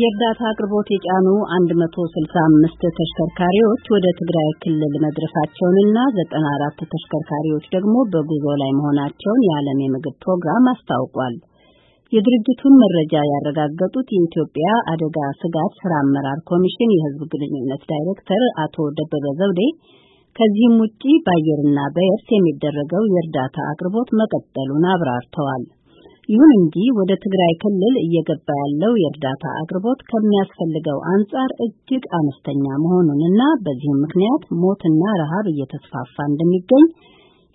የእርዳታ አቅርቦት የጫኑ 165 ተሽከርካሪዎች ወደ ትግራይ ክልል መድረሳቸውንና 94 ተሽከርካሪዎች ደግሞ በጉዞ ላይ መሆናቸውን የዓለም የምግብ ፕሮግራም አስታውቋል። የድርጅቱን መረጃ ያረጋገጡት የኢትዮጵያ አደጋ ስጋት ስራ አመራር ኮሚሽን የሕዝብ ግንኙነት ዳይሬክተር አቶ ደበበ ዘውዴ ከዚህም ውጪ በአየርና በየብስ የሚደረገው የእርዳታ አቅርቦት መቀጠሉን አብራርተዋል። ይሁን እንጂ ወደ ትግራይ ክልል እየገባ ያለው የእርዳታ አቅርቦት ከሚያስፈልገው አንጻር እጅግ አነስተኛ መሆኑንና በዚህም ምክንያት ሞትና ረሃብ እየተስፋፋ እንደሚገኝ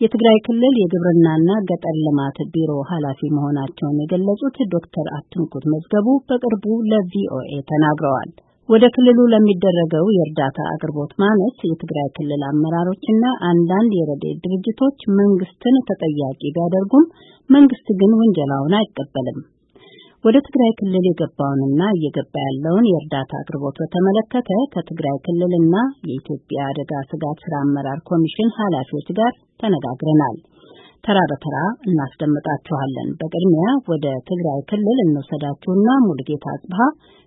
የትግራይ ክልል የግብርናና ገጠር ልማት ቢሮ ኃላፊ መሆናቸውን የገለጹት ዶክተር አትንኩት መዝገቡ በቅርቡ ለቪኦኤ ተናግረዋል። ወደ ክልሉ ለሚደረገው የእርዳታ አቅርቦት ማነስ የትግራይ ክልል አመራሮችና አንዳንድ የረድኤት ድርጅቶች መንግስትን ተጠያቂ ቢያደርጉም መንግስት ግን ውንጀላውን አይቀበልም። ወደ ትግራይ ክልል የገባውንና እየገባ ያለውን የእርዳታ አቅርቦት በተመለከተ ከትግራይ ክልልና የኢትዮጵያ አደጋ ስጋት ስራ አመራር ኮሚሽን ኃላፊዎች ጋር ተነጋግረናል። ተራ በተራ እናስደምጣችኋለን። በቅድሚያ ወደ ትግራይ ክልል እንወሰዳችሁና ሙልጌታ አጽብሃ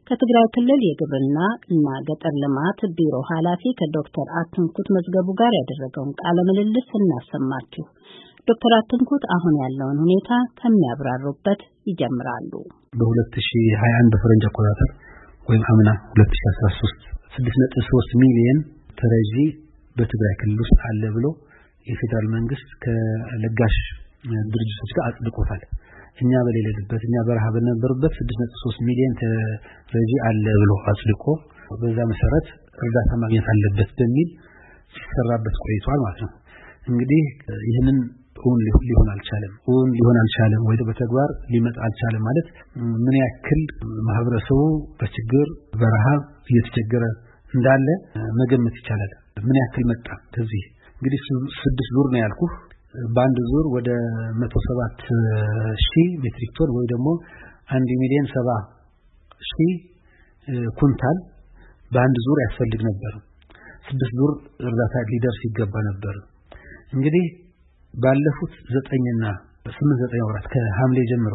ከትግራይ ክልል የግብርና እና ገጠር ልማት ቢሮ ኃላፊ ከዶክተር አትንኩት መዝገቡ ጋር ያደረገውን ቃለ ምልልስ እናሰማችሁ። ዶክተር አትንኩት አሁን ያለውን ሁኔታ ከሚያብራሩበት ይጀምራሉ። በ2021 በፈረንጅ አቆጣጠር ወይም አምና 2013 6.3 ሚሊዮን ተረጂ በትግራይ ክልል ውስጥ አለ ብሎ የፌዴራል መንግስት ከለጋሽ ድርጅቶች ጋር አጽድቆታል። እኛ በሌለንበት እኛ በረሃ በነበርበት 6.3 ሚሊዮን ተረጂ አለ ብሎ አጽድቆ በዛ መሰረት እርዳታ ማግኘት አለበት በሚል ሲሰራበት ቆይቷል ማለት ነው። እንግዲህ ይህንን እውን ሊሆን አልቻለም፣ እውን ሊሆን አልቻለም ወይ በተግባር ሊመጣ አልቻለም ማለት ምን ያክል ማህበረሰቡ በችግር በረሃብ እየተቸገረ እንዳለ መገመት ይቻላል። ምን ያክል መጣ ከዚህ እንግዲህ ስድስት ዙር ነው ያልኩ በአንድ ዙር ወደ መቶ ሰባት ሺህ ሜትሪክ ቶን ወይ ደግሞ አንድ ሚሊዮን ሰባ ሺህ ኩንታል በአንድ ዙር ያስፈልግ ነበር። ስድስት ዙር እርዳታ ሊደርስ ይገባ ነበር። እንግዲህ ባለፉት ዘጠኝና ስምንት ዘጠኝ ወራት ከሐምሌ ጀምሮ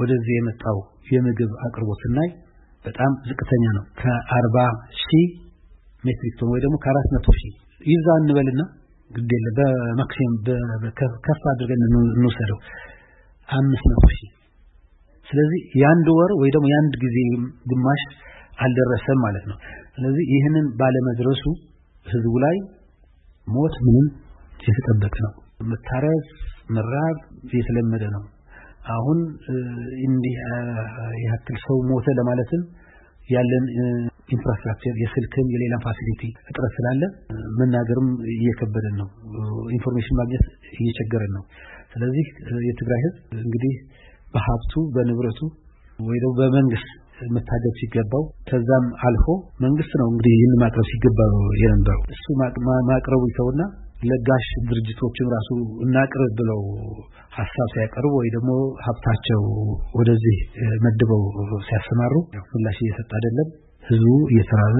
ወደዚህ የመጣው የምግብ አቅርቦት ስናይ በጣም ዝቅተኛ ነው። ከአርባ ሺህ ሜትሪክ ቶን ወይ ደግሞ ከአራት መቶ ሺህ ይዛ እንበልና ግድ የለ በማክሲም ከፍ አድርገን እንወሰደው አምስት መቶ ሺህ ስለዚህ የአንድ ወር ወይ ደግሞ የአንድ ጊዜ ግማሽ አልደረሰም ማለት ነው። ስለዚህ ይህንን ባለመድረሱ ህዝቡ ላይ ሞት ምንም የተጠበቀ ነው። መታረዝ፣ መራብ የተለመደ ነው። አሁን እንዲህ ያክል ሰው ሞተ ለማለትም ያለን ኢንፍራስትራክቸር የስልክም የሌላም ፋሲሊቲ እጥረት ስላለ መናገርም እየከበደን ነው። ኢንፎርሜሽን ማግኘት እየቸገረን ነው። ስለዚህ የትግራይ ህዝብ እንግዲህ በሀብቱ በንብረቱ ወይ ደግሞ በመንግስት መታገብ ሲገባው ከዛም አልፎ መንግስት ነው እንግዲህ ይህን ማቅረብ ሲገባው የነበረው እሱ ማቅረቡ ይተውና ለጋሽ ድርጅቶችም ራሱ እናቅርብ ብለው ሀሳብ ሲያቀርቡ ወይ ደግሞ ሀብታቸው ወደዚህ መድበው ሲያሰማሩ ምላሽ እየሰጠ አይደለም። ህዝቡ እየተራበ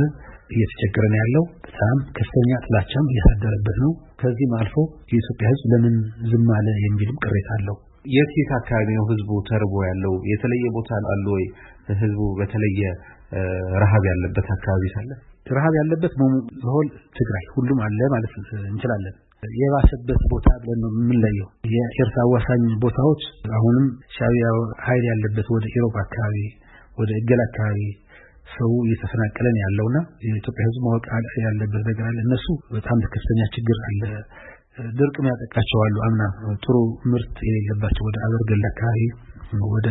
እየተቸገረ ነው ያለው። በጣም ከፍተኛ ጥላቻም እያሳደረበት ነው። ከዚህም አልፎ የኢትዮጵያ ህዝብ ለምን ዝም አለ የሚልም ቅሬታ አለው። የት የት አካባቢ ነው ህዝቡ ተርቦ ያለው? የተለየ ቦታ አለ ወይ? ህዝቡ በተለየ ረሃብ ያለበት አካባቢ ሳለ ረሃብ ያለበት ሆል ትግራይ ሁሉም አለ ማለት እንችላለን። የባሰበት ቦታ ብለን ነው የምንለየው። የኤርትራ አዋሳኝ ቦታዎች አሁንም ሻቢያ ኃይል ያለበት ወደ ኢሮብ አካባቢ፣ ወደ እገል አካባቢ ሰው እየተፈናቀለ ነው ያለውና የኢትዮጵያ ህዝብ ማወቅ ያለበት ነገር አለ። እነሱ በጣም ከፍተኛ ችግር አለ። ድርቅ ያጠቃቸው አሉ። አምና ጥሩ ምርት የሌለባቸው ወደ አበርገል አካባቢ፣ ወደ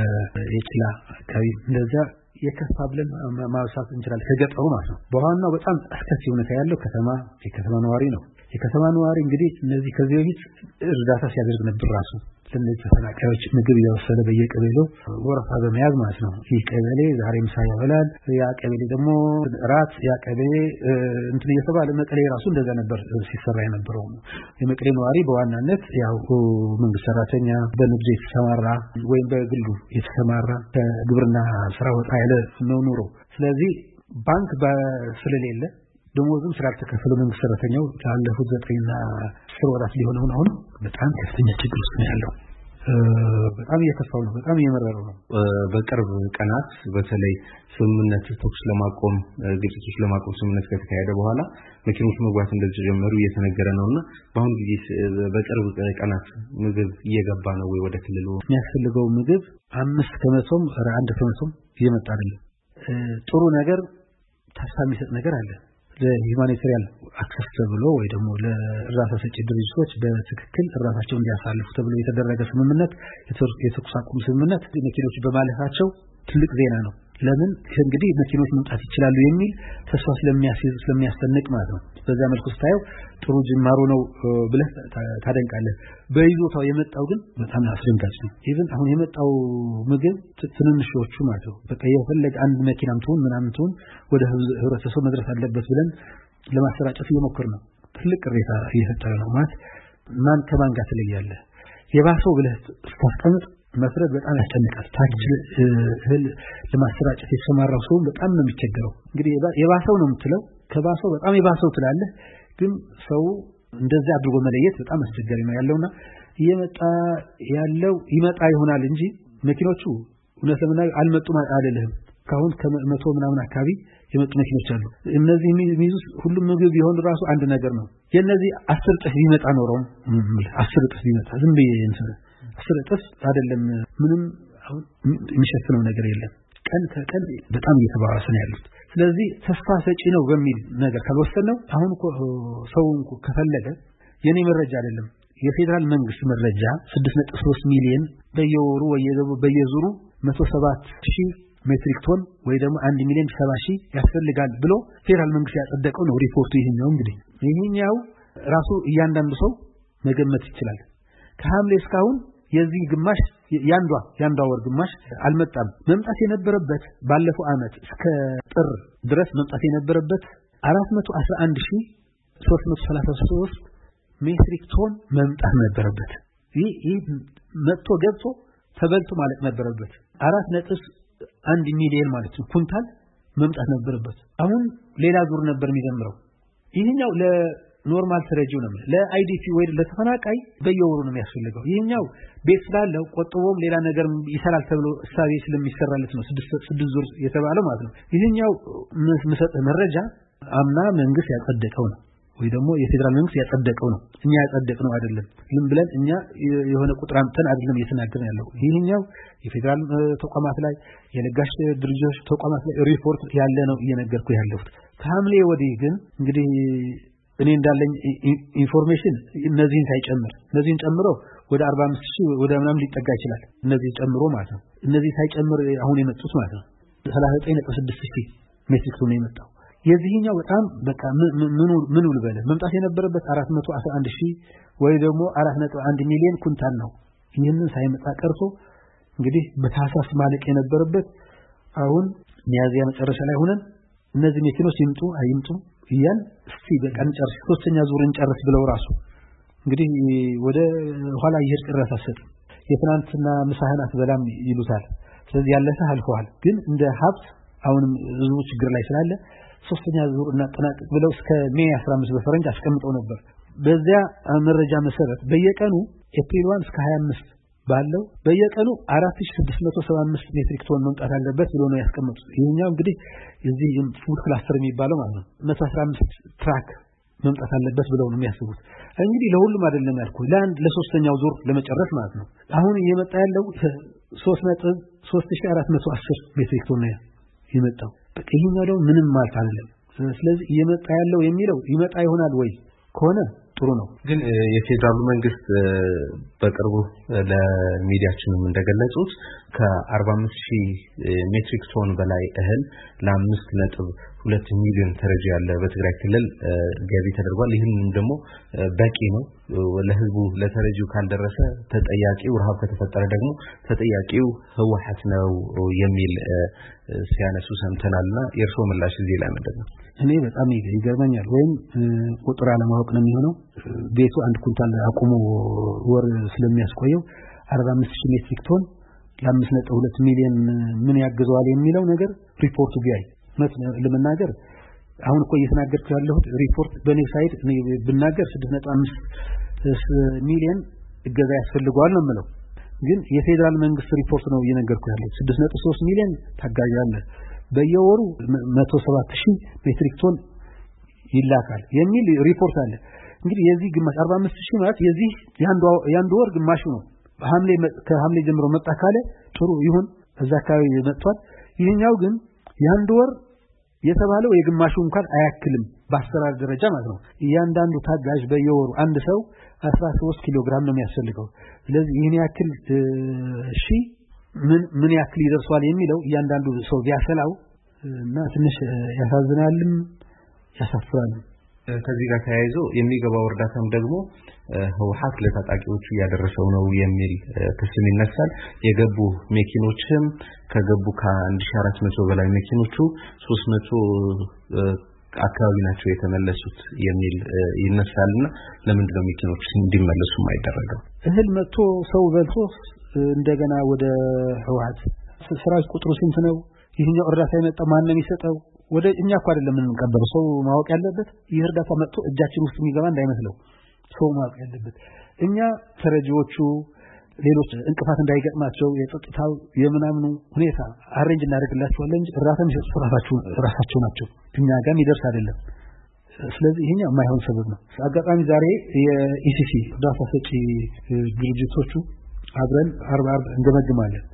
የጭላ አካባቢ እንደዚያ የከፋ ብለን ማብሳት እንችላለን። ከገጠሩ ማለት ነው። በዋናው በጣም አስከፊ ሁኔታ ያለው ከተማ የከተማ ነዋሪ ነው። የከተማ ነዋሪ እንግዲህ እነዚህ ከዚህ በፊት እርዳታ ሲያደርግ ነበር ራሱ ለነዚህ ተፈናቃዮች ምግብ እየወሰደ በየቀበሌው ወረፋ በመያዝ ማለት ነው። ይህ ቀበሌ ዛሬ ምሳ ያበላል፣ ያ ቀበሌ ደግሞ ራት፣ ያ ቀበሌ እንትን እየተባለ መቀሌ ራሱ እንደዛ ነበር ሲሰራ የነበረው። የመቀሌ ነዋሪ በዋናነት ያው መንግስት ሰራተኛ፣ በንግድ የተሰማራ ወይም በግሉ የተሰማራ ከግብርና ስራ ወጣ ያለ ነው ኑሮ። ስለዚህ ባንክ ስለሌለ ደሞዙም ስላልተከፈለው መንግስት ሰራተኛው ላለፉት ዘጠኝና አስር ወራት ሊሆን አሁን አሁን በጣም ከፍተኛ ችግር ውስጥ ነው ያለው። በጣም እየከፋው ነው። በጣም እየመረረው ነው። በቅርብ ቀናት በተለይ ስምምነት ተኩስ ለማቆም ግጭቶች ለማቆም ስምምነት ከተካሄደ በኋላ መኪኖች መግባት እንደተጀመሩ እየተነገረ ነው እና በአሁኑ ጊዜ በቅርብ ቀናት ምግብ እየገባ ነው ወይ ወደ ክልሉ? የሚያስፈልገው ምግብ አምስት ከመቶም አንድ ከመቶም እየመጣ አይደለም። ጥሩ ነገር ተስፋ የሚሰጥ ነገር አለ። ለሂውማኒታሪያን አክሰስ ተብሎ ወይ ደግሞ ለእርዳታ ሰጪ ድርጅቶች በትክክል እርዳታቸውን እንዲያሳልፉ ተብሎ የተደረገ ስምምነት የተኩስ አቁም ስምምነት መኪኖች በማለፋቸው ትልቅ ዜና ነው። ለምን እንግዲህ መኪኖች መምጣት ይችላሉ የሚል ተስፋ ስለሚያስይዝ ስለሚያስጠንቅ ማለት ነው። በዛ መልኩ ስታየው ጥሩ ጅማሮ ነው ብለህ ታደንቃለህ። በይዞታው የመጣው ግን በጣም አስደንጋጭ ነው። ኢቭን አሁን የመጣው ምግብ ትንንሾቹ ማለት ነው። በቃ የፈለገ አንድ መኪናም ትሁን ምናምን ትሁን ወደ ህብረተሰቡ መድረስ አለበት ብለን ለማሰራጨት እየሞከር ነው። ትልቅ ቅሬታ እየፈጠረ ነው ማለት ማን ከማን ጋር ትለያለህ? የባሰው ብለህ ስታስቀምጥ መፍረድ በጣም ያስጨንቃል። ታች እህል ለማሰራጨት የተሰማራው ሰውን በጣም ነው የሚቸገረው። እንግዲህ የባሰው ነው የምትለው ከባሰው በጣም የባሰው ትላለህ። ግን ሰው እንደዚህ አድርጎ መለየት በጣም አስቸጋሪ ነው ያለውና እየመጣ ያለው ይመጣ ይሆናል እንጂ መኪኖቹ እውነት ለምናየው አልመጡም አልልህም። ካሁን ከመቶ ምናምን አካባቢ የመጡ መኪኖች አሉ። እነዚህ የሚይዙት ሁሉም ምግብ ቢሆን ራሱ አንድ ነገር ነው። የነዚህ አስር እጥፍ ቢመጣ ኖረው አስር ጥፍ ቢመጣ ዝም ብዬ እንትን አስር ጥፍ አይደለም ምንም አሁን የሚሸፍነው ነገር የለም። ቀን ከቀን በጣም እየተባባሰ ነው ያሉት። ስለዚህ ተስፋ ሰጪ ነው በሚል ነገር ካልወሰነው አሁን እኮ ሰው ከፈለገ የኔ መረጃ አይደለም የፌዴራል መንግስት መረጃ 6.3 ሚሊዮን በየወሩ በየዙሩ 107 ሺህ ሜትሪክ ቶን ወይ ደግሞ 1 ሚሊዮን 70 ሺህ ያስፈልጋል ብሎ ፌዴራል መንግስት ያጸደቀው ነው ሪፖርቱ። ይሄኛው እንግዲህ ይሄኛው ራሱ እያንዳንዱ ሰው መገመት ይችላል። ከሐምሌ እስካሁን የዚህ ግማሽ ያንዷ ያንዷ ወር ግማሽ አልመጣም። መምጣት የነበረበት ባለፈው ዓመት እስከ ጥር ድረስ መምጣት የነበረበት 411333 ሜትሪክ ቶን መምጣት ነበረበት። ይህ ይህ መጥቶ ገብቶ ተበልቶ ማለት ነበረበት። አራት ነጥብ አንድ ሚሊዮን ማለት ነው ኩንታል መምጣት ነበረበት። አሁን ሌላ ዙር ነበር የሚጀምረው ይህኛው ኖርማል ተረጂው ነው። ለአይዲፒ ወይ ለተፈናቃይ በየወሩ ነው የሚያስፈልገው። ይሄኛው ቤት ስላለው ቆጥቦም ሌላ ነገር ይሰራል ተብሎ እሳቤ ስለሚሰራለት ነው ስድስት ዙር የተባለው ማለት ነው። ይሄኛው የምሰጥህ መረጃ አምና መንግስት ያጸደቀው ነው ወይ ደግሞ የፌዴራል መንግስት ያጸደቀው ነው። እኛ ያጸደቅ ነው አይደለም። ዝም ብለን እኛ የሆነ ቁጥር አምጥተን አይደለም እየተናገር ያለው። ይህኛው የፌዴራል ተቋማት ላይ የለጋሽ ድርጅቶች ተቋማት ላይ ሪፖርት ያለ ነው እየነገርኩ ያለሁት። ከሐምሌ ወዲህ ግን እንግዲህ እኔ እንዳለኝ ኢንፎርሜሽን እነዚህን ሳይጨምር እነዚህን ጨምሮ ወደ 45 ወደ ምናምን ሊጠጋ ይችላል። እነዚህ ጨምሮ ማለት ነው። እነዚህ ሳይጨምር አሁን የመጡት ማለት ነው 39.6 ሜትሪክ ቶን የመጣው የዚህኛው በጣም በቃ ምኑ ምኑ ልበለ መምጣት የነበረበት 411 ሺህ ወይ ደግሞ 4.1 ሚሊዮን ኩንታል ነው። ይህንን ሳይመጣ ቀርቶ እንግዲህ በታሳስ ማለቅ የነበረበት አሁን ሚያዚያ መጨረሻ ላይ ሆነን እነዚህ መኪኖች ይምጡ አይምጡ እያል እስቲ በቀን ጨርስ ሶስተኛ ዙርን ጨርስ ብለው ራሱ እንግዲህ ወደ ኋላ ይሄድ ቅረት አሰጥ የትናንትና ምሳህን አትበላም ይሉታል። ስለዚህ ያለፈህ አልፈዋል። ግን እንደ ሀብት አሁንም ህዝቡ ችግር ላይ ስላለ ሶስተኛ ዙር እናጠናቅቅ ብለው እስከ ሜይ 15 በፈረንጅ አስቀምጠው ነበር። በዚያ መረጃ መሰረት በየቀኑ ኤፕሪል 1 እስከ 25 ባለው በየቀኑ 4675 ሜትሪክ ቶን መምጣት አለበት ብሎ ነው ያስቀመጡት። ይሄኛው እንግዲህ እዚህ ፉድ ክላስተር የሚባለው ማለት ነው 115 ትራክ መምጣት አለበት ብለው ነው የሚያስቡት። እንግዲህ ለሁሉም አይደለም ያልኩ ለአንድ ለሶስተኛው ዙር ለመጨረስ ማለት ነው። አሁን እየመጣ ያለው 3410 ሜትሪክ ቶን ነው የመጣው። በቃ ደግሞ ምንም ማለት አይደለም። ስለዚህ እየመጣ ያለው የሚለው ይመጣ ይሆናል ወይ ከሆነ ጥሩ ነው። ግን የፌዴራሉ መንግስት በቅርቡ ለሚዲያችንም እንደገለጹት ከ45 ሺህ ሜትሪክ ቶን በላይ እህል ለአምስት ነጥብ ሁለት ሚሊዮን ተረጂ ያለ በትግራይ ክልል ገቢ ተደርጓል። ይህንም ደግሞ በቂ ነው። ለህዝቡ ለተረጂው ካልደረሰ ተጠያቂው ረሃብ ከተፈጠረ ደግሞ ተጠያቂው ህወሓት ነው የሚል ሲያነሱ ሰምተናልና የእርስዎ ምላሽ እዚህ ላይ ምንድን ነው? እኔ በጣም ይገርመኛል። ወይም ቁጥር አለማወቅ ነው የሚሆነው። ቤቱ አንድ ኩንታል አቁሞ ወር ስለሚያስቆየው 45 አምስት ሺህ ሜትሪክ ቶን ለአምስት ነጥብ ሁለት ሚሊዮን ምን ያግዘዋል የሚለው ነገር ሪፖርቱ ቢያይ እውነት ለመናገር አሁን እኮ እየተናገርኩ ያለሁት ሪፖርት በኔ ሳይድ ብናገር 6.5 ሚሊዮን እገዛ ያስፈልገዋል ነው የምለው። ግን የፌዴራል መንግስት ሪፖርት ነው እየነገርኩ ያለሁት 6.3 ሚሊዮን ታጋዥ አለ። በየወሩ 107000 ሜትሪክ ቶን ይላካል የሚል ሪፖርት አለ። እንግዲህ የዚህ ግማሽ 45000 ማለት የዚህ የአንድ ወር ግማሹ ነው። በሐምሌ ከሐምሌ ጀምሮ መጣ ካለ ጥሩ ይሁን እዛ አካባቢ መጥቷል። ይህኛው ግን የአንድ ወር የተባለው የግማሹ እንኳን አያክልም በአሰራር ደረጃ ማለት ነው። እያንዳንዱ ታጋዥ በየወሩ አንድ ሰው 13 ኪሎ ግራም ነው የሚያስፈልገው። ስለዚህ ይህን ያክል እሺ ምን ምን ያክል ይደርሷል የሚለው እያንዳንዱ ሰው ቢያሰላው እና ትንሽ ያሳዝናልም ያሳፍራልም። ከዚህ ጋር ተያይዞ የሚገባው እርዳታም ደግሞ ህወሓት ለታጣቂዎቹ እያደረሰው ነው የሚል ክስም ይነሳል። የገቡ መኪኖችም ከገቡ ከ1400 በላይ መኪኖቹ 300 አካባቢ ናቸው የተመለሱት የሚል ይነሳልና ለምንድን ነው መኪኖች እንዲመለሱ አይደረገው? እህል መጥቶ ሰው በልቶ እንደገና ወደ ህወሓት ስራዎች ቁጥሩ ስንት ነው? ይህኛው እርዳታ የመጣ ማን ነው የሚሰጠው? ወደ እኛ እኮ አይደለም የምንቀበለው። ሰው ማወቅ ያለበት ይህ እርዳታ መጥቶ እጃችን ውስጥ የሚገባ እንዳይመስለው ሰው ማወቅ ያለበት እኛ ተረጂዎቹ ሌሎች እንቅፋት እንዳይገጥማቸው የጸጥታው የምናምኑ ሁኔታ አሬንጅ እናደርግላቸዋለን እንጂ እርዳታ የሚሰጡ ራሳቸው ናቸው። እኛ ጋር የሚደርስ አይደለም። ስለዚህ ይሄኛው የማይሆን ሰበብ ነው። አጋጣሚ ዛሬ የኢሲሲ እርዳታ ሰጪ ድርጅቶቹ አብረን አርባ አርብ እንገመግማለን።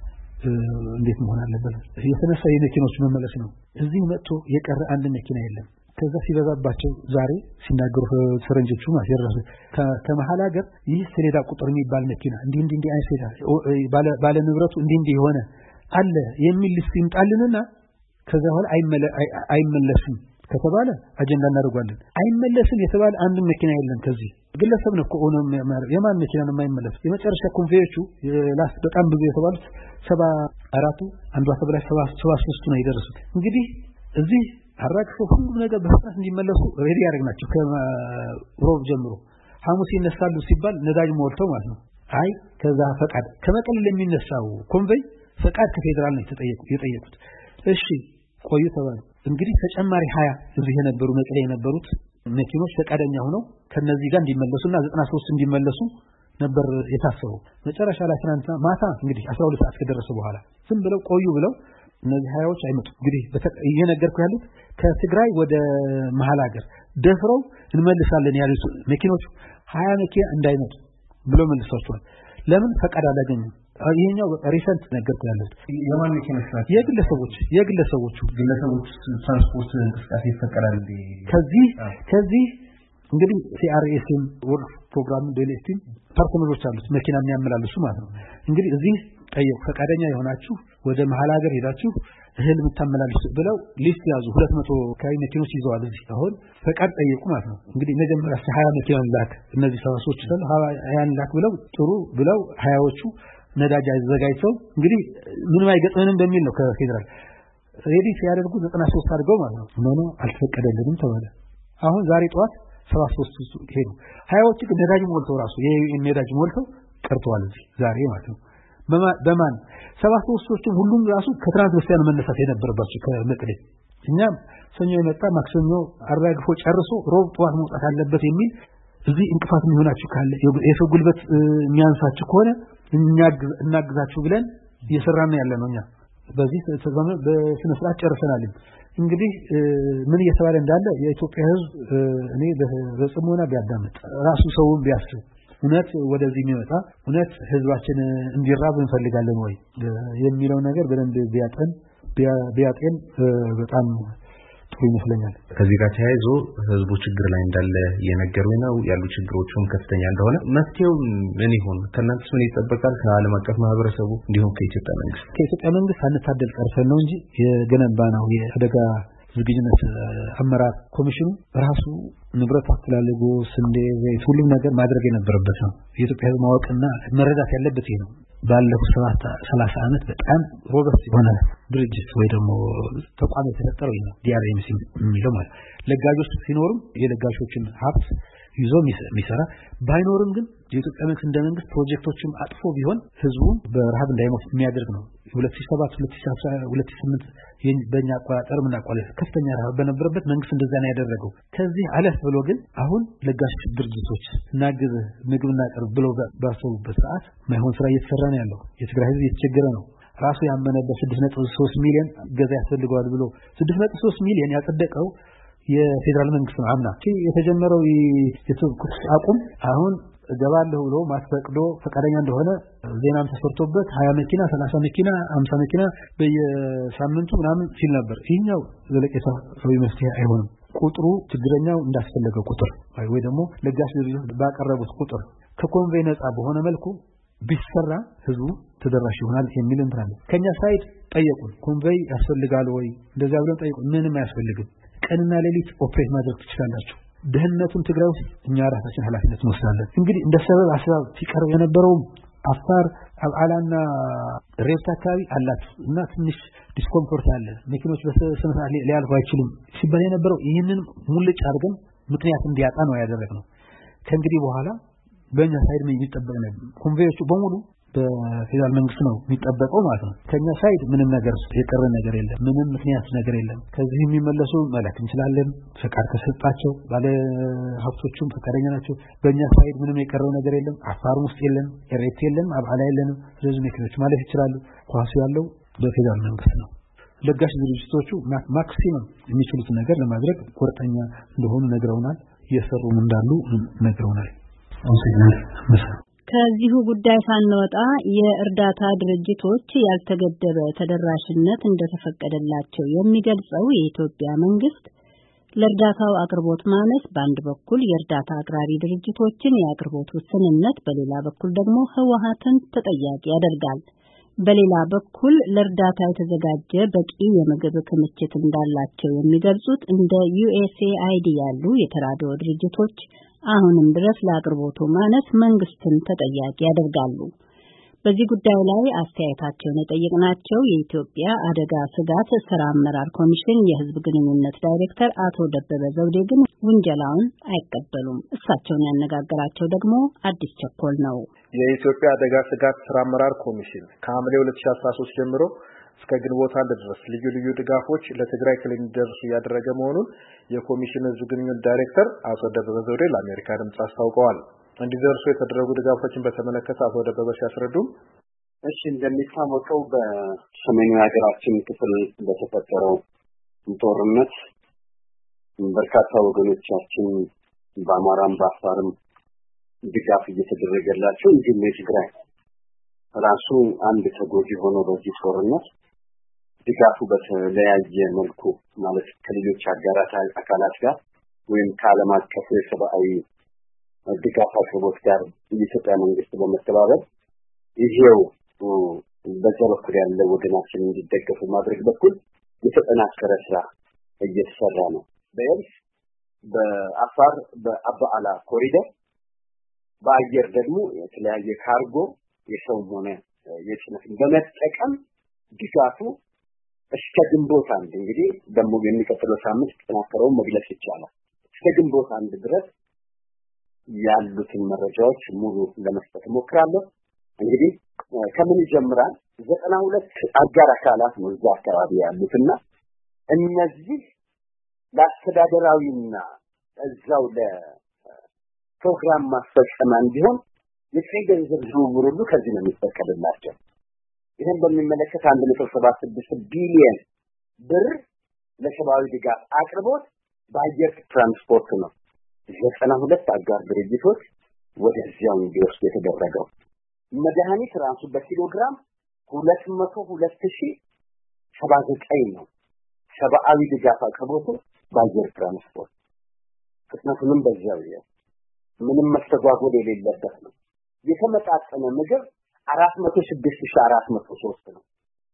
እንዴት መሆን አለበት? የተነሳ የመኪኖች መመለስ ነው። እዚህ መጥቶ የቀረ አንድ መኪና የለም። ከዛ ሲበዛባቸው ዛሬ ሲናገሩ ፈረንጆቹ ማስያራሱ ከመሀል ሀገር ይህ ሰሌዳ ቁጥር የሚባል መኪና እንዲህ እንዲህ እንዲህ አይነት ሰሌዳ ባለ ንብረቱ እንዲህ እንዲህ የሆነ አለ የሚል ልስ ይምጣልንና ከዛ በኋላ አይመለስም ከተባለ አጀንዳ እናደርጓለን። አይመለስም የተባለ አንድም መኪና የለም። ከዚህ ግለሰብ ነው ከሆነ የማን መኪና ነው የማይመለስ? የመጨረሻ ኮንቬዮቹ ላስ በጣም ብዙ የተባሉት ሰባ አራቱ አንዱ አሰብላይ ሰባ ሶስቱ ነው የደረሱት። እንግዲህ እዚህ አራግፎ ሁሉም ነገር በፍጥነት እንዲመለሱ ሬዲ ያደረግናቸው ከሮብ ጀምሮ ሐሙስ ይነሳሉ ሲባል ነዳጅ ሞልተው ማለት ነው። አይ ከዛ ፈቃድ ከመቀሌ ለሚነሳው ኮንቬይ ፈቃድ ከፌዴራል ነው የጠየቁት። እሺ ቆዩ ተባሉ። እንግዲህ ተጨማሪ 20 እዚህ የነበሩ መቀሌ የነበሩት መኪኖች ፈቃደኛ ሆነው ከነዚህ ጋር እንዲመለሱና 93 እንዲመለሱ ነበር የታሰበው። መጨረሻ ላይ ትናንትና ማታ እንግዲህ 12 ሰዓት ከደረሰ በኋላ ዝም ብለው ቆዩ ብለው እነዚህ ሀያዎች አይመጡም። እንግዲህ እየነገርኩ ያሉት ከትግራይ ወደ መሀል ሀገር ደፍረው እንመልሳለን ያሉት መኪኖቹ ሀያ መኪና እንዳይመጡ ብሎ መልሷቸዋል። ለምን ፈቃድ አላገኙም? ይሄኛው ሪሰንት ነገርኩ ያለሁት የማን መኪና ስራት የግለሰቦች የግለሰቦቹ ግለሰቦች ትራንስፖርት እንቅስቃሴ ይፈቀዳል ከዚህ ከዚህ እንግዲህ ሲአርኤስም ወርክ ፕሮግራም ዴሌስቲም ፓርትነሮች አሉት መኪና የሚያመላልሱ ማለት ነው። እንግዲህ እዚህ ጠየቁ ፈቃደኛ የሆናችሁ ወደ መሀል ሀገር ሄዳችሁ እህል የምታመላልሱ ብለው ሊስት ያዙ። ሁለት መቶ አካባቢ መኪኖች ይዘዋል። እዚህ አሁን ፈቃድ ጠየቁ ማለት ነው። እንግዲህ መጀመሪያ ሀያ መኪናን ላክ እነዚህ ሰባሶች ሀያን ላክ ብለው ጥሩ ብለው ሀያዎቹ ነዳጅ አዘጋጅተው እንግዲህ ምንም አይገጥመንም በሚል ነው ከፌዴራል ሬዲ ሲያደርጉ 93 አድርገው ማለት ነው። ኖ ኖ አልተፈቀደልንም ተባለ። አሁን ዛሬ ጠዋት 73 ውስጥ ሄዱ። ሀያዎቹ ግን ነዳጅ ሞልተው ራሱ ነዳጅ ሞልተው ቀርተዋል እዚህ ዛሬ ማለት ነው። በማን 73ቱም ሁሉም ራሱ ከትናንት በስቲያ ነው መነሳት የነበረባቸው ከመቅደስ እኛም ሰኞ የመጣ ማክሰኞ አራግፎ ጨርሶ ሮብ ጠዋት መውጣት አለበት የሚል እዚህ እንቅፋት የሚሆናችሁ ካለ የሰው ጉልበት የሚያንሳችሁ ከሆነ እናግዛችሁ ብለን እየሰራን ነው ያለ ነው እኛ በዚህ በስነ ስርዓት ጨርሰናል። እንግዲህ ምን እየተባለ እንዳለ የኢትዮጵያ ሕዝብ እኔ በጽሞና ቢያዳምጥ ራሱ ሰውን ቢያስብ እውነት ወደዚህ የሚመጣ እውነት ሕዝባችን እንዲራብ እንፈልጋለን ወይ የሚለው ነገር በደንብ ቢያጠን ቢያጤን በጣም ጥሩ ይመስለኛል። ከዚህ ጋር ተያይዞ ህዝቡ ችግር ላይ እንዳለ እየነገሩኝ ነው። ያሉ ችግሮቹም ከፍተኛ እንደሆነ መፍትሄው ምን ይሆን? ከእናንተስ ምን ይጠበቃል? ከዓለም አቀፍ ማህበረሰቡ እንዲሁም ከኢትዮጵያ መንግስት ከኢትዮጵያ መንግስት አንታደል ቀርፈን ነው እንጂ የገነባ ነው የአደጋ ዝግጅነት አመራር ኮሚሽኑ ራሱ ንብረት አስተላለጉ፣ ስንዴ፣ ዘይት፣ ሁሉም ነገር ማድረግ የነበረበት ነው። የኢትዮጵያ ሕዝብ ማወቅና መረዳት ያለበት ይሄ ነው። ባለፉት ሰላሳ ዓመት በጣም ሮበስት የሆነ ድርጅት ወይ ደግሞ ተቋም የተፈጠረው ነው ዲአርኤምሲ የሚለው ማለት ለጋጆች ሲኖርም የለጋሾችን ሀብት ይዞ የሚሰራ ባይኖርም ግን የኢትዮጵያ መንግስት እንደ መንግስት ፕሮጀክቶችን አጥፎ ቢሆን ህዝቡ በረሃብ እንዳይሞት የሚያደርግ ነው። 2007 2008 በእኛ አቆጣጠር ምን አቋለ ከፍተኛ ረሃብ በነበረበት መንግስት እንደዛ ነው ያደረገው። ከዚህ አለፍ ብሎ ግን አሁን ለጋሽ ድርጅቶች እናግዝ ምግብ እናቀርብ ብለው ባሰቡበት ሰዓት ማይሆን ስራ እየተሰራ ነው ያለው። የትግራይ ህዝብ እየተቸገረ ነው። ራሱ ያመነበት 6.3 ሚሊዮን ገዛ ያስፈልገዋል ብሎ 6.3 ሚሊዮን ያጸደቀው የፌዴራል መንግስት ነው። አምና የተጀመረው የተኩስ አቁም አሁን እገባለሁ ብሎ ማስፈቅዶ ፈቃደኛ እንደሆነ ዜናም ተሰርቶበት ሀያ መኪና ሰላሳ መኪና አምሳ መኪና በየሳምንቱ ምናምን ሲል ነበር። ይህኛው ዘለቄታ መፍትሄ አይሆንም። ቁጥሩ ችግረኛው እንዳስፈለገ ቁጥር ወይ ደግሞ ለጋሽ ድርጅቶች ባቀረቡት ቁጥር ከኮንቬይ ነፃ በሆነ መልኩ ቢሰራ ህዝቡ ተደራሽ ይሆናል የሚል እንትን ከኛ ሳይድ ጠየቁን። ኮንቬይ ያስፈልጋል ወይ እንደዚያ ብለን ጠየቁን። ምንም አያስፈልግም። ቀንና ሌሊት ኦፕሬት ማድረግ ትችላላችሁ። ድህነቱን ትግራይ ውስጥ እኛ ራሳችን ኃላፊነት እንወስዳለን። እንግዲህ እንደ ሰበብ አስባብ ሲቀርብ የነበረውም አፋር አብዓላና ሬብት አካባቢ አላት እና ትንሽ ዲስኮምፎርት አለ፣ መኪኖች በስነስርዓት ሊያልፉ አይችሉም ሲባል የነበረው ይህንን ሙልጭ አድርገን ምክንያት እንዲያጣ ነው ያደረግነው። ከእንግዲህ በኋላ በእኛ ሳይድ የሚጠበቅ ኮንቬዮቹ በሙሉ በፌዴራል መንግስት ነው የሚጠበቀው ማለት ነው። ከኛ ሳይድ ምንም ነገር የቀረ ነገር የለም። ምንም ምክንያት ነገር የለም። ከዚህ የሚመለሱ መላክ እንችላለን። ፈቃድ ተሰጣቸው፣ ባለ ሀብቶቹም ፈቃደኛ ናቸው። በእኛ ሳይድ ምንም የቀረው ነገር የለም። አፋርም ውስጥ የለም፣ ኤሬት የለም፣ አብዓላ የለንም። ስለዚህ መኪኖች ማለፍ ይችላሉ። ኳሱ ያለው በፌዴራል መንግስት ነው። ለጋሽ ድርጅቶቹ ማክሲመም የሚችሉትን ነገር ለማድረግ ቁርጠኛ እንደሆኑ ነግረውናል። እየሰሩም እንዳሉ ነግረውናል። አመሰግናለሁ። ከዚሁ ጉዳይ ሳንወጣ የእርዳታ ድርጅቶች ያልተገደበ ተደራሽነት እንደተፈቀደላቸው የሚገልጸው የኢትዮጵያ መንግስት ለእርዳታው አቅርቦት ማነስ በአንድ በኩል የእርዳታ አቅራቢ ድርጅቶችን የአቅርቦት ውስንነት፣ በሌላ በኩል ደግሞ ህወሀትን ተጠያቂ ያደርጋል። በሌላ በኩል ለእርዳታ የተዘጋጀ በቂ የምግብ ክምችት እንዳላቸው የሚገልጹት እንደ ዩኤስኤአይዲ ያሉ የተራድኦ ድርጅቶች አሁንም ድረስ ለአቅርቦቱ ማነስ መንግስትን ተጠያቂ ያደርጋሉ። በዚህ ጉዳይ ላይ አስተያየታቸውን የጠየቅናቸው የኢትዮጵያ አደጋ ስጋት ስራ አመራር ኮሚሽን የህዝብ ግንኙነት ዳይሬክተር አቶ ደበበ ዘውዴ ግን ውንጀላውን አይቀበሉም። እሳቸውን ያነጋገራቸው ደግሞ አዲስ ቸኮል ነው። የኢትዮጵያ አደጋ ስጋት ስራ አመራር ኮሚሽን ከሐምሌ 2013 ጀምሮ እስከ ግንቦት አንድ ድረስ ልዩ ልዩ ድጋፎች ለትግራይ ክልል እንዲደርሱ እያደረገ መሆኑን የኮሚሽኑ ህዝብ ግንኙነት ዳይሬክተር አቶ ደበበ ዘውዴ ለአሜሪካ ድምጽ አስታውቀዋል። እንዲደርሱ የተደረጉ ድጋፎችን በተመለከተ አቶ ደበበ ሲያስረዱም እሺ፣ እንደሚታወቀው በሰሜኑ የሀገራችን ክፍል በተፈጠረው ጦርነት በርካታ ወገኖቻችን በአማራም በአፋርም ድጋፍ እየተደረገላቸው እንዲሁም የትግራይ ራሱ አንድ ተጎጂ ሆኖ በዚህ ጦርነት ድጋፉ በተለያየ መልኩ ማለት ከሌሎች አጋራት አካላት ጋር ወይም ከዓለም አቀፉ የሰብአዊ ድጋፍ አቅርቦት ጋር የኢትዮጵያ መንግስት በመተባበር ይሄው በዛ በኩል ያለ ወገናችን እንዲደገፉ ማድረግ በኩል የተጠናከረ ስራ እየተሰራ ነው። በየብስ በአፋር በአባአላ ኮሪደር በአየር ደግሞ የተለያየ ካርጎ የሰውም ሆነ የጭነት በመጠቀም ድጋፉ እስከ ግንቦት አንድ እንግዲህ ደግሞ የሚቀጥለው ሳምንት ተጠናከረውን መግለጽ ይቻላል። እስከ ግንቦት አንድ ድረስ ያሉትን መረጃዎች ሙሉ ለመስጠት እሞክራለሁ። እንግዲህ ከምን ይጀምራል? ዘጠና ሁለት አጋር አካላት ነው እዛ አካባቢ ያሉትና እነዚህ ለአስተዳደራዊና እዛው ለፕሮግራም ማስፈጸሚያ እንዲሆን የፍሪ ገንዘብ ዝውውር ሁሉ ከዚህ ነው የሚፈቀድላቸው። ይህን በሚመለከት 176 ቢሊየን ብር ለሰብአዊ ድጋፍ አቅርቦት በአየር ትራንስፖርት ነው ዘጠና ሁለት አጋር ድርጅቶች ወደዚያው እንዲወስዱ የተደረገው። መድኃኒት ራሱ በኪሎግራም ሁለት መቶ ሁለት ሺ ሰባ ዘጠኝ ነው። ሰብአዊ ድጋፍ አቅርቦቱ በአየር ትራንስፖርት ፍጥነቱንም በዚያው ምንም መስተጓጎል የሌለበት ነው። የተመጣጠነ ምግብ አራት መቶ ስድስት ሺህ አራት መቶ ሶስት ነው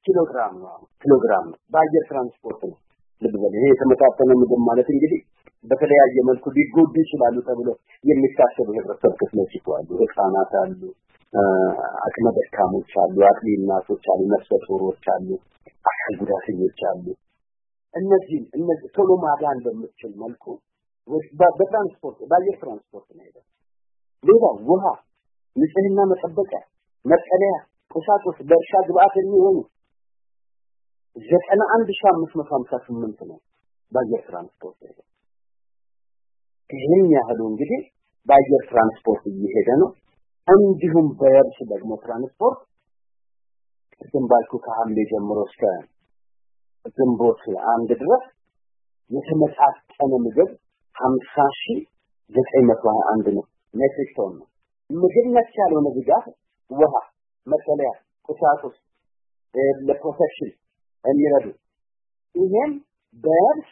ኪሎግራም ነው ኪሎግራም በአየር ትራንስፖርት ነው ልብ በል ይሄ የተመጣጠነ ምግብ ማለት እንግዲህ በተለያየ መልኩ ሊጎዱ ይችላሉ ተብሎ የሚታሰቡ ህብረተሰብ ክፍሎች ይተዋሉ ህፃናት አሉ አቅመ ደካሞች አሉ አጥቢ እናቶች አሉ ነፍሰ አሉ አካል ጉዳተኞች አሉ እነዚህም እነዚህ ቶሎ ማዳን በምትችል መልኩ በትራንስፖርት በአየር ትራንስፖርት ነው ሄደ ሌላ ውሃ ንጽህና መጠበቂያ መጠለያ፣ ቁሳቁስ፣ በእርሻ ግብአት የሚሆኑ ዘጠና አንድ ሺህ አምስት መቶ ሀምሳ ስምንት ነው በአየር ትራንስፖርት ሄደ። ይህም ያህሉ እንግዲህ በአየር ትራንስፖርት እየሄደ ነው። እንዲሁም በየብስ ደግሞ ትራንስፖርት ቅድም ባልኩ ከሐምሌ ጀምሮ እስከ ግንቦት አንድ ድረስ የተመጣጠነ ምግብ 50 ሺህ 921 ነው ሜትሪክ ቶን ነው። ምግብ ነክ ያልሆነ ድጋፍ ውሃ፣ መጠለያ፣ ቁሳቁስ ለፕሮቴክሽን የሚረዱ ይሄም በብስ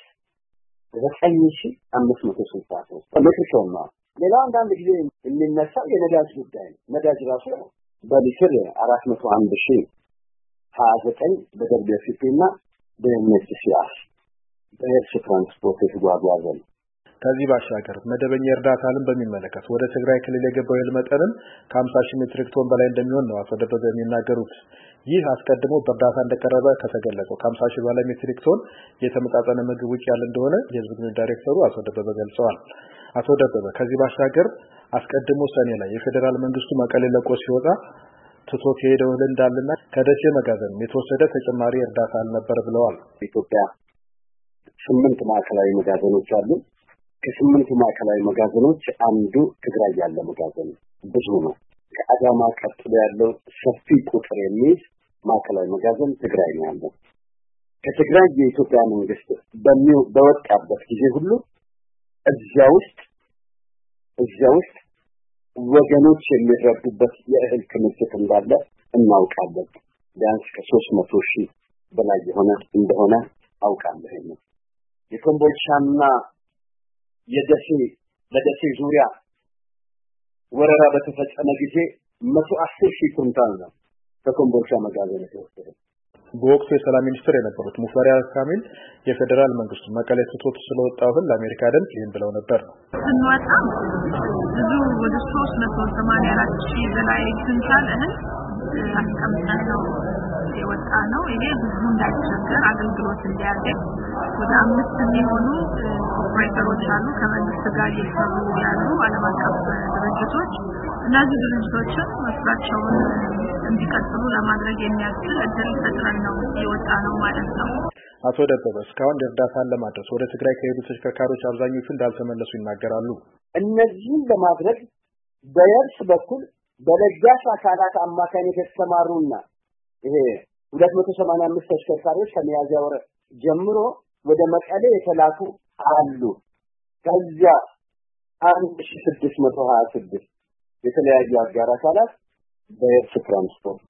ዘጠኝ ሺ አምስት መቶ ስልሳ ሶስት ሜትር ቶን ነው። ሌላው አንዳንድ ጊዜ የሚነሳው የነዳጅ ጉዳይ ነው። ነዳጅ ራሱ በሊትር አራት መቶ አንድ ሺ ሀያ ዘጠኝ በደብሊው ኤፍ ፒ እና በኤን ኤች ሲ አር በየብስ ትራንስፖርት የተጓጓዘ ነው። ከዚህ ባሻገር መደበኛ የእርዳታ በሚመለከት ወደ ትግራይ ክልል የገባው እህል መጠንም ከ50 ሺህ ሜትሪክ ቶን በላይ እንደሚሆን ነው አቶ ደበበ የሚናገሩት። ይህ አስቀድሞ በእርዳታ እንደቀረበ ከተገለጸው ከ50 ሺህ በላይ ሜትሪክ ቶን የተመጣጠነ ምግብ ውጭ ያለ እንደሆነ የህዝብ ግንኙነት ዳይሬክተሩ አቶ ደበበ ገልጸዋል። አቶ ደበበ ከዚህ ባሻገር አስቀድሞ ሰኔ ላይ የፌዴራል መንግስቱ መቀሌ ለቆ ሲወጣ ትቶ ከሄደው እህል እንዳለና ከደሴ መጋዘን የተወሰደ ተጨማሪ እርዳታ አልነበር ብለዋል። ኢትዮጵያ ስምንት ማዕከላዊ መጋዘኖች አሉ። ከስምንቱ ማዕከላዊ መጋዘኖች አንዱ ትግራይ ያለ መጋዘን ብዙ ነው። ከአዳማ ቀጥሎ ያለው ሰፊ ቁጥር የሚይዝ ማዕከላዊ መጋዘን ትግራይ ነው ያለው። ከትግራይ የኢትዮጵያ መንግስት በወጣበት ጊዜ ሁሉ እዚያ ውስጥ እዚያ ውስጥ ወገኖች የሚረዱበት የእህል ክምችት እንዳለ እናውቃለን። ቢያንስ ከሶስት መቶ ሺህ በላይ የሆነ እንደሆነ አውቃለሁ። የኮምቦልቻና የደሴ በደሴ ዙሪያ ወረራ በተፈጸመ ጊዜ መቶ አስር ሺህ ኩንታል ነው ከኮምቦልቻ መጋዘን የተወሰደ። በወቅቱ የሰላም ሚኒስትር የነበሩት ሙፈሪያት ካሚል የፌዴራል መንግስቱ መቀሌ ትቶት ስለወጣው እህል ለአሜሪካ ድምፅ ይህን ብለው ነበር ነው ስንወጣ ብዙ ወደ ሶስት መቶ ሰማንያ አራት ሺህ በላይ ኩንታል እህል አስቀምጠን ነው የወጣ ነው። ይሄ ህዝቡ እንዳይቸገር አገልግሎት እንዲያገኝ ወደ አምስት የሚሆኑ ኦፕሬተሮች አሉ፣ ከመንግስት ጋር እየሰሩ ያሉ ዓለም አቀፍ ድርጅቶች። እነዚህ ድርጅቶችን መስራቸውን እንዲቀጥሉ ለማድረግ የሚያስችል እድል ፈጥረን ነው የወጣ ነው ማለት ነው። አቶ ደበበ እስካሁን እርዳታን ለማድረስ ወደ ትግራይ ከሄዱ ተሽከርካሪዎች አብዛኞቹ እንዳልተመለሱ ይናገራሉ። እነዚህን ለማድረግ በየብስ በኩል በለጋሽ አካላት አማካኝነት የተሰማሩና ይሄ 285 ተሽከርካሪዎች ከሚያዝያ ወር ጀምሮ ወደ መቀሌ የተላኩ አሉ። ከዚያ 1626 የተለያዩ አጋር አካላት በየብስ ትራንስፖርት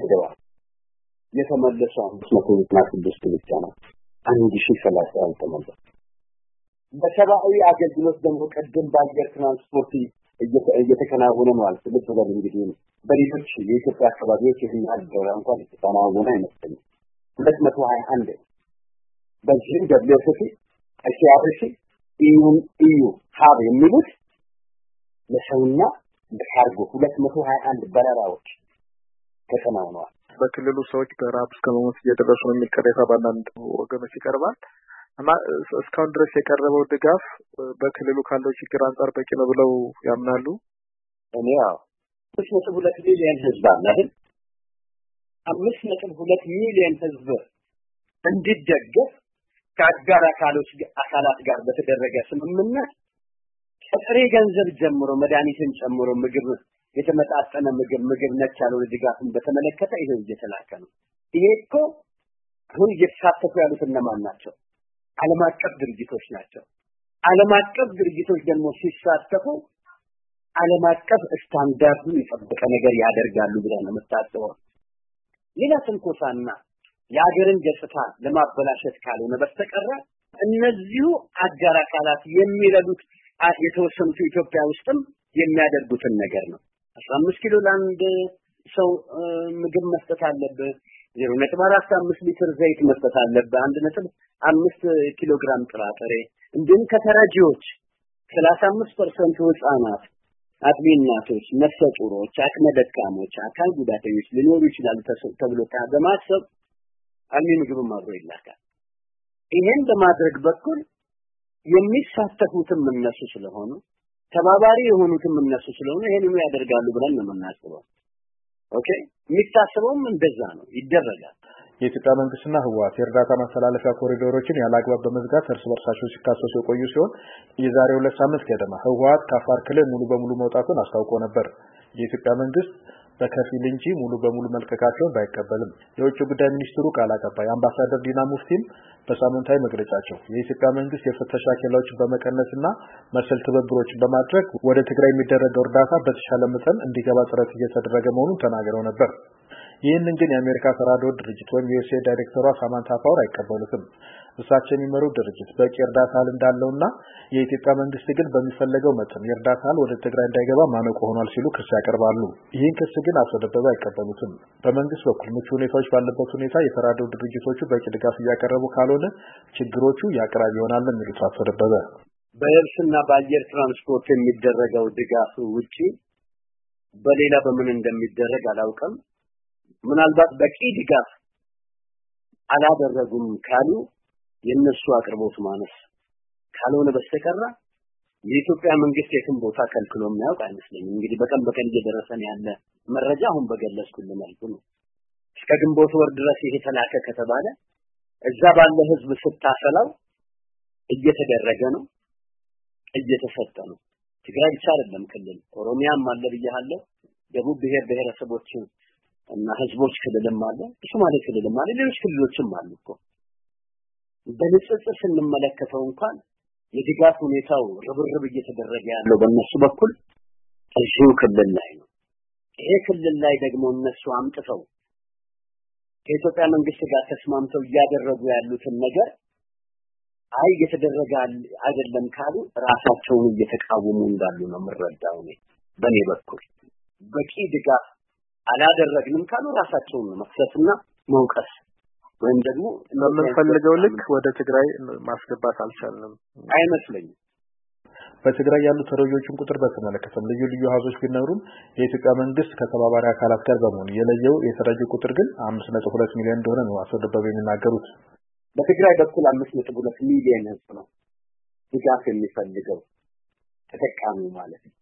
ሄደዋል። የተመለሱ 596 ብቻ ነው። 1030 አልተመለሱ። በሰብአዊ አገልግሎት ደግሞ ቅድም በአየር ትራንስፖርት እየተከናወነ ነው አለ ትልቅ ነገር እንግዲህ ነው። በሌሎች የኢትዮጵያ አካባቢዎች ይህን ያህል ደረጃ እንኳን የተከናወነ አይመስለኝም። ሁለት መቶ ሀያ አንድ በዚህም ደብሊውኤፍፒ አይሲአርሲ ኢዩን ኢዩ ሀብ የሚሉት ለሰውና ለካርጎ ሁለት መቶ ሀያ አንድ በረራዎች ተከናውነዋል። በክልሉ ሰዎች በረሀብ እስከ መሞት እየደረሱ ነው የሚል ቅሬታ በአንዳንድ ወገኖች ይቀርባል። እስካሁን ድረስ የቀረበው ድጋፍ በክልሉ ካለው ችግር አንጻር በቂ ነው ብለው ያምናሉ? እኔ ያው አምስት ነጥብ ሁለት ሚሊዮን ህዝብ አለ አይደል? አምስት ነጥብ ሁለት ሚሊዮን ህዝብ እንዲደገፍ ከአጋር አካሎች አካላት ጋር በተደረገ ስምምነት ከጥሬ ገንዘብ ጀምሮ መድኃኒትን ጨምሮ ምግብ፣ የተመጣጠነ ምግብ፣ ምግብ ነክ ያልሆነ ድጋፍን በተመለከተ ይሄ እየተላከ ነው። ይሄ እኮ አሁን እየተሳተፉ ያሉት እነማን ናቸው? ዓለም አቀፍ ድርጅቶች ናቸው። ዓለም አቀፍ ድርጅቶች ደግሞ ሲሳተፉ ዓለም አቀፍ ስታንዳርዱ የጠበቀ ነገር ያደርጋሉ ብለን ነው የምታስበው። ሌላ ትንኮሳና የሀገርን ገጽታ ለማበላሸት ካልሆነ በስተቀረ እነዚሁ አጋር አካላት የሚረዱት የተወሰኑት ኢትዮጵያ ውስጥም የሚያደርጉትን ነገር ነው። አስራ አምስት ኪሎ ለአንድ ሰው ምግብ መስጠት አለብህ። ዜሮ ነጥብ አራት አምስት ሊትር ዘይት መስጠት አለብህ። አንድ ነጥብ አምስት ኪሎ ግራም ጥራጥሬ እንዲሁም ከተረጂዎች ሰላሳ አምስት ፐርሰንት ህጻናት፣ አጥቢ እናቶች፣ ነፍሰ ጡሮች፣ አቅመ ደካሞች፣ አካል ጉዳተኞች ሊኖሩ ይችላሉ ተብሎ በማሰብ አልሚ ምግብም አብሮ ይላካል። ይሄን በማድረግ በኩል የሚሳተፉትም እነሱ ስለሆኑ ተባባሪ የሆኑትም እነሱ ስለሆኑ ይሄን ያደርጋሉ ብለን ነው የምናስበው። ኦኬ የሚታሰበውም እንደዛ ነው ይደረጋል። የኢትዮጵያ መንግስትና ህወሓት የእርዳታ ማስተላለፊያ ኮሪዶሮችን ያለአግባብ በመዝጋት እርስ በርሳቸው ሲካሰሱ የቆዩ ሲሆን የዛሬ ሁለት ሳምንት ገደማ ህወሓት ከአፋር ክልል ሙሉ በሙሉ መውጣቱን አስታውቆ ነበር። የኢትዮጵያ መንግስት በከፊል እንጂ ሙሉ በሙሉ መልቀቃቸውን ባይቀበልም የውጭ ጉዳይ ሚኒስትሩ ቃል አቀባይ አምባሳደር ዲና ሙፍቲም በሳምንታዊ መግለጫቸው የኢትዮጵያ መንግስት የፍተሻ ኬላዎችን በመቀነስና መሰል ትብብሮችን በማድረግ ወደ ትግራይ የሚደረገው እርዳታ በተሻለ መጠን እንዲገባ ጥረት እየተደረገ መሆኑን ተናግረው ነበር። ይህንን ግን የአሜሪካ ተራድኦ ድርጅት ወይም ዩኤስኤ ዳይሬክተሯ ሳማንታ ፓወር አይቀበሉትም። እሳቸው የሚመሩት ድርጅት በቂ እርዳታ እህል እንዳለውና የኢትዮጵያ መንግስት ግን በሚፈለገው መጠን የእርዳታ እህል ወደ ትግራይ እንዳይገባ ማነቆ ሆኗል ሲሉ ክስ ያቀርባሉ። ይህን ክስ ግን አቶ ደበበ አይቀበሉትም። በመንግስት በኩል ምቹ ሁኔታዎች ባለበት ሁኔታ የተራድኦ ድርጅቶቹ በቂ ድጋፍ እያቀረቡ ካልሆነ ችግሮቹ ያቅራብ ይሆናል የሚሉት አቶ ደበበ በየብስና በአየር ትራንስፖርት የሚደረገው ድጋፍ ውጪ በሌላ በምን እንደሚደረግ አላውቅም። ምናልባት በቂ ድጋፍ አላደረጉም ካሉ የነሱ አቅርቦት ማነስ ካልሆነ በስተቀር የኢትዮጵያ መንግስት የትም ቦታ ከልክሎ የሚያውቅ አይመስለኝም። እንግዲህ በቀን በቀን እየደረሰን ያለ መረጃ አሁን በገለጽኩልህ መልኩ ነው። እስከ ግንቦት ወር ድረስ ይሄ ተላከ ከተባለ እዛ ባለ ህዝብ ስታፈላው እየተደረገ ነው፣ እየተሰጠ ነው። ትግራይ ብቻ አይደለም ክልል ኦሮሚያም አለ ብያለሁ። ደቡብ ብሔር ብሔረሰቦች እና ህዝቦች ክልልም አለ፣ ሶማሌ ክልልም አለ፣ ሌሎች ክልሎችም አሉ እኮ በንጽጽር ስንመለከተው እንኳን የድጋፍ ሁኔታው ርብርብ እየተደረገ ያለው በእነሱ በኩል እዚሁ ክልል ላይ ነው። ይሄ ክልል ላይ ደግሞ እነሱ አምጥተው ከኢትዮጵያ መንግስት ጋር ተስማምተው እያደረጉ ያሉትን ነገር አይ እየተደረገ አይደለም ካሉ ራሳቸውን እየተቃወሙ እንዳሉ ነው የምረዳው እኔ በእኔ በኩል። በቂ ድጋፍ አላደረግንም ካሉ ራሳቸውን መክሰስና መውቀስ ወይም ደግሞ ለምንፈልገው ልክ ወደ ትግራይ ማስገባት አልቻልንም አይመስለኝም። በትግራይ ያሉ ተረጂዎችን ቁጥር በተመለከተም ልዩ ልዩ አሃዞች ቢኖሩም የኢትዮጵያ መንግስት ከተባባሪ አካላት ጋር በመሆን የለየው የተረጂ ቁጥር ግን አምስት ነጥብ ሁለት ሚሊዮን እንደሆነ ነው አቶ የሚናገሩት። በትግራይ በኩል አምስት ነጥብ ሁለት ሚሊዮን ህዝብ ነው ድጋፍ የሚፈልገው ተጠቃሚ ማለት ነው።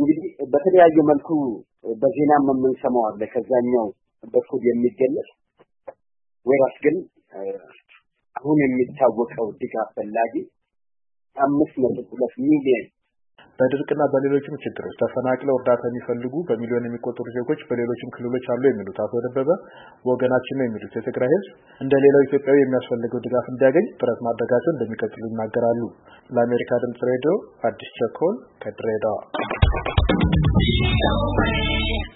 እንግዲህ በተለያየ መልኩ በዜናም የምንሰማው አለ ከዛኛው በኩል የሚገለጽ ወይራስ ግን አሁን የሚታወቀው ድጋፍ ፈላጊ አምስት ነጥብ ሁለት ሚሊዮን በድርቅና በሌሎችም ችግሮች ተፈናቅለው እርዳታ የሚፈልጉ በሚሊዮን የሚቆጠሩ ዜጎች በሌሎችም ክልሎች አሉ የሚሉት አቶ ደበበ ወገናችን ነው የሚሉት የትግራይ ሕዝብ እንደ ሌላው ኢትዮጵያዊ የሚያስፈልገው ድጋፍ እንዲያገኝ ጥረት ማድረጋቸው እንደሚቀጥሉ ይናገራሉ። ለአሜሪካ ድምጽ ሬዲዮ አዲስ ቸኮል ከድሬዳዋ